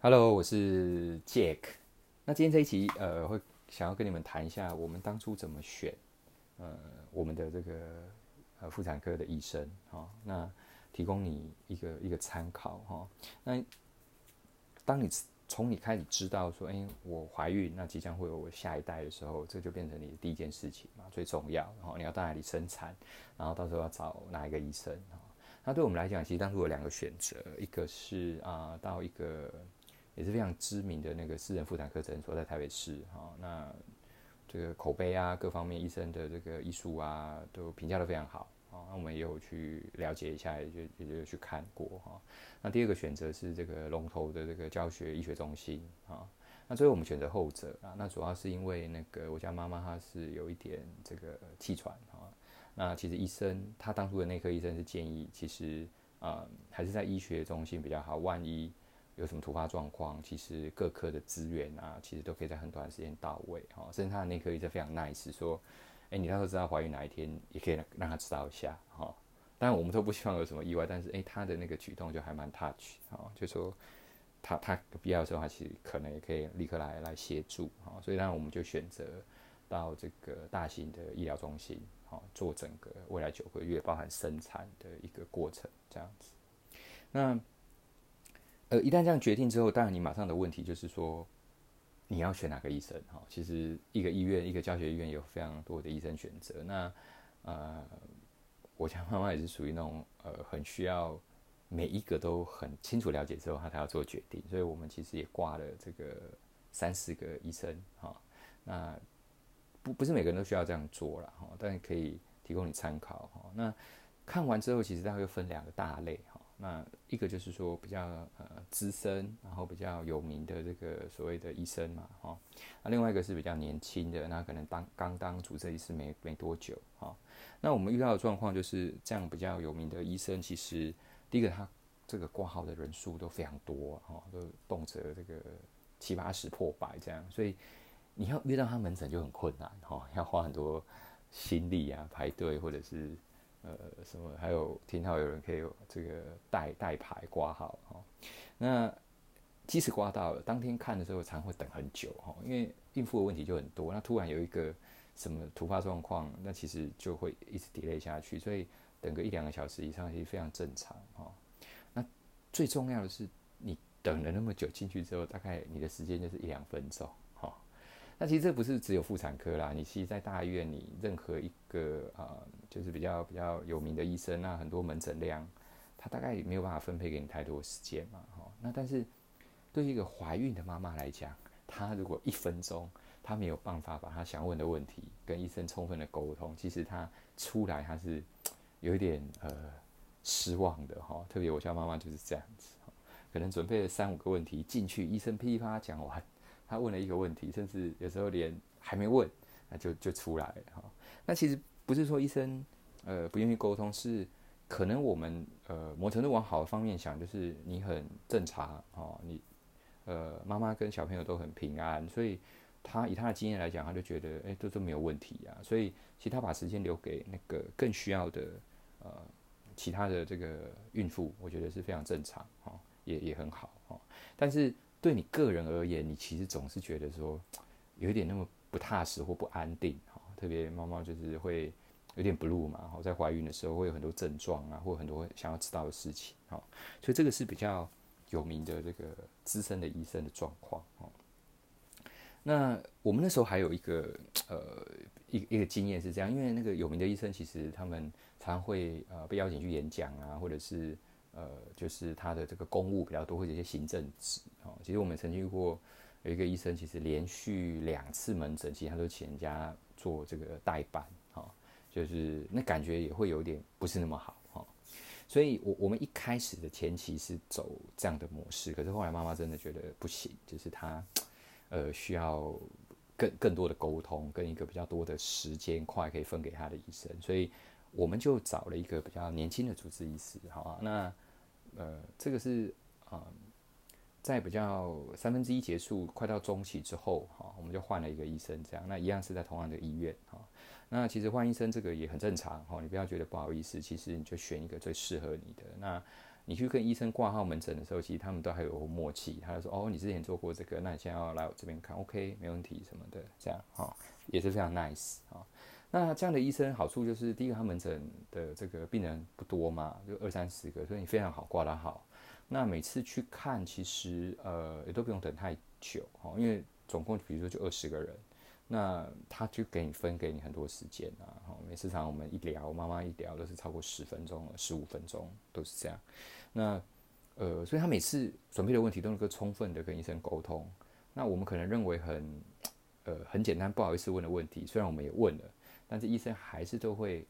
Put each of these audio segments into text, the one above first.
Hello，我是 Jack。那今天這一集，呃，會想要跟你們談一下我們當初怎麼選，呃，我們的這個呃婦產科的醫生，哦。那提供你一個一個參考，哦。那當你從你開始知道說，欸，我懷孕，那即將會有我下一代的時候，這就變成你的第一件事情嘛，最重要。哦，然後你要到哪裡生產，然後到時候要找哪一個醫生，哦。那對我們來講，其實當初有兩個選擇，一個是啊，到一個。也是非常知名的那個私人婦產科診所，在台北市哈，那這個口碑啊，各方面醫生的這個醫術啊，都評價都非常好啊。那我們也有去了解一下，也就也就去看過哈。那第二個選擇是這個龍頭的這個教學醫學中心啊，那最後我們選擇後者啊，那主要是因為那個我家媽媽她是有一點這個氣喘啊，那其實醫生她當初的內科醫生是建議，其實啊、呃、還是在醫學中心比較好，萬一。有什麼突發狀況，其實各科的資源啊，其實都可以在很短的時間到位哈，甚至他的內科醫生非常 nice，說：“誒、欸，你到時候知道懷孕哪一天，也可以讓他知道一下哈，當然，我們都不希望有什麼意外，但是誒、欸，他的那個舉動就還蠻 touch 哈，就是、說他他必要的時候他其實可能也可以立刻來來協助哈，所以，呢，我們就選擇到這個大型的醫療中心哈，做整個未來九個月，包含生產的一個過程這樣子。那。呃，一旦這樣決定之後，當然你馬上的問題就是說，你要選哪個醫生哈？其實一個醫院、一個教學醫院有非常多的醫生選擇。那呃，我家媽媽也是屬於那種呃，很需要每一個都很清楚了解之後，她才要做決定。所以我們其實也掛了這個三四個醫生哈。那不不是每個人都需要這樣做了哈，但可以提供你參考哈。那看完之後，其實大概又分兩個大類。那一個就是說比較呃資深，然後比較有名的這個所謂的醫生嘛，哈、哦，那、啊、另外一個是比較年輕的，那可能當剛當主治醫師沒沒多久，哈、哦，那我們遇到的狀況就是這樣，比較有名的醫生，其實第一個他這個掛號的人數都非常多，哈、哦，都動輒這個七八十破百這樣，所以你要約到他門診就很困難，哈、哦，要花很多心力啊，排隊或者是。呃，什麼還有聽到有人可以有這個代代排掛號哈。那即使掛到了，當天看的時候常會等很久哈、哦，因為孕婦的問題就很多。那突然有一個什麼突發狀況，那其實就會一直 delay 下去，所以等個一兩個小時以上其實非常正常哈、哦。那最重要的是，你等了那麼久進去之後，大概你的時間就是一兩分鐘。那其實這不是只有婦產科啦，你其實，在大醫院裡，你任何一個啊、呃，就是比較比較有名的醫生、啊，那很多門診量，他大概也沒有辦法分配給你太多時間嘛，哈、哦。那但是，對於一個懷孕的媽媽來講，她如果一分鐘，她沒有辦法把她想問的問題跟醫生充分的溝通，其實她出來她是有一點呃失望的哈、哦。特別我像媽媽就是這樣子、哦，可能準備了三五個問題進去，醫生噼里啪啦講完。他問了一個問題，甚至有時候連還沒問，那就就出來哈、哦。那其實不是說醫生呃不願意溝通，是可能我們呃某程度往好的方面想，就是你很正常哦，你呃媽媽跟小朋友都很平安，所以他以他的經驗來講，他就覺得誒，這都沒有問題啊。所以其實他把時間留給那個更需要的呃其他的這個孕婦，我覺得是非常正常哈、哦，也也很好哈、哦，但是。對你個人而言，你其實總是覺得說有一點那麼不踏實或不安定，特別貓貓就是會有點 blue 嘛，然後在懷孕的時候會有很多症狀啊，或很多想要知道的事情，所以這個是比較有名的這個資深的醫生的狀況，哦。那我們那時候還有一個呃一個一個經驗是這樣，因為那個有名的醫生其實他們常會呃被邀請去演講啊，或者是。呃，就是他的這個公務比較多，或者一些行政職哦。其實我們曾經遇過有一個醫生，其實連續兩次門診，其實他都請人家做這個代班哈、哦。就是那感覺也會有點不是那麼好哈、哦。所以我我們一開始的前期是走這樣的模式，可是後來媽媽真的覺得不行，就是他呃需要更更多的溝通，跟一個比較多的時間塊可以分給他的醫生。所以我們就找了一個比較年輕的主治醫師好啊，那呃，這個是，啊、呃，在比較三分之一結束，快到中期之後，哈、哦，我們就換了一個醫生，這樣，那一樣是在同樣的醫院，哈、哦，那其實換醫生這個也很正常，哈、哦，你不要覺得不好意思，其實你就選一個最適合你的，那你去跟醫生掛號門診的時候，其實他們都還有默契，他就說，哦，你之前做過這個，那你現在要來我這邊看，OK，沒問題什麼的，這樣，哈、哦，也是非常 nice，啊、哦。那這樣的醫生好處就是，第一個他門診的這個病人不多嘛，就二三十個，所以你非常好掛他號。那每次去看，其實呃也都不用等太久哦，因為總共比如說就二十個人，那他就給你分給你很多時間啊。哦，每次像我們一聊，媽媽一聊都是超過十分鐘、十五分鐘都是這樣。那呃，所以他每次準備的問題都能夠充分的跟醫生溝通。那我們可能認為很呃很簡單不好意思問的問題，雖然我們也問了。但是醫生還是都會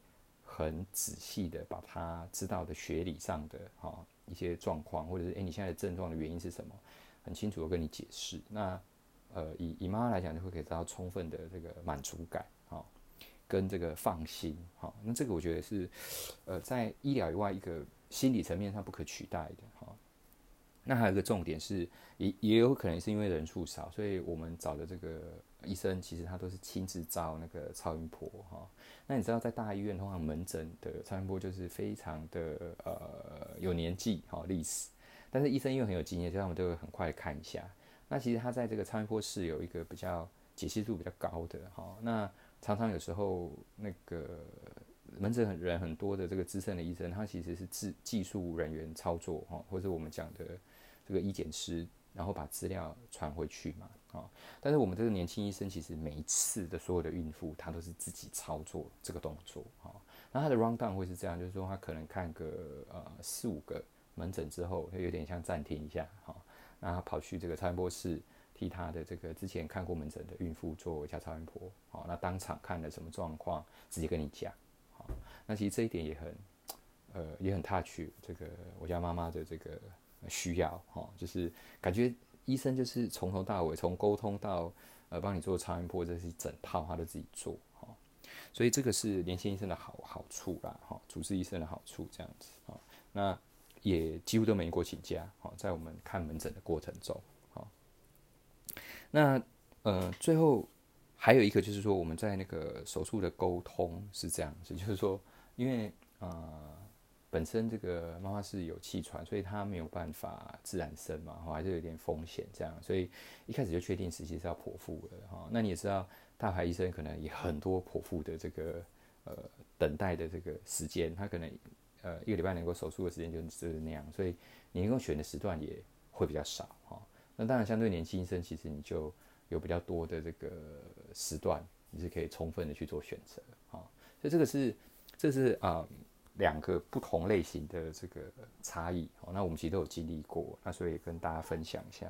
很仔細的把他知道的學理上的哈、哦、一些狀況，或者是誒、欸，你現在的症狀的原因是什麼，很清楚的跟你解釋。那呃以以媽媽來講，就會可以得到充分的這個滿足感，哈、哦，跟這個放心，哈、哦。那這個我覺得是，呃，在醫療以外一個心理層面上不可取代的，哈、哦。那還有一個重點是，也也有可能是因為人數少，所以我們找的這個醫生其實他都是親自照那個超音波哈。那你知道在大醫院通常門診的超音波就是非常的呃有年紀哈歷史，但是醫生又很有經驗，所以他們都會很快看一下。那其實他在這個超音波室有一個比較解析度比較高的哈。那常常有時候那個門診很人很多的這個資深的醫生，他其實是技技術人員操作哈，或者我們講的。這個醫檢師，然後把資料傳回去嘛，啊、哦，但是我們這個年輕醫生其實每一次的所有的孕婦，他都是自己操作這個動作，啊、哦，那他的 round down 會是這樣，就是說他可能看個呃四五個門診之後，會有點像暫停一下，哈、哦，那他跑去這個超音波室替他的這個之前看過門診的孕婦做一下超音波，啊、哦，那當場看了什麼狀況，直接跟你講，哦、那其實這一點也很，呃，也很 touch 這個我家媽媽的這個。需要哈、哦，就是感覺醫生就是從頭到尾，從溝通到呃，幫你做超音波這，這一整套他都自己做哈、哦，所以這個是年輕醫生的好好處啦哈，主、哦、治醫生的好處這樣子、哦，那也幾乎都沒過請假哈、哦，在我們看門診的過程中哈、哦，那呃最後還有一個就是說，我們在那個手術的溝通是這樣子，就是說因為呃。本身這個媽媽是有氣喘，所以她沒有辦法自然生嘛，哈，還是有點風險這樣，所以一開始就確定實際是要剖腹的哈。那你也知道，大牌醫生可能也很多剖腹的這個呃等待的這個時間，他可能呃一個禮拜能夠手術的時間就是，就是那樣，所以你能夠選的時段也會比較少哈。那當然，相對年輕醫生，其實你就有比較多的這個時段，你是可以充分的去做選擇啊。所以這個是，這個是啊。呃兩個不同類型的這個差異，哦，那我們其實都有經歷過，那所以跟大家分享一下。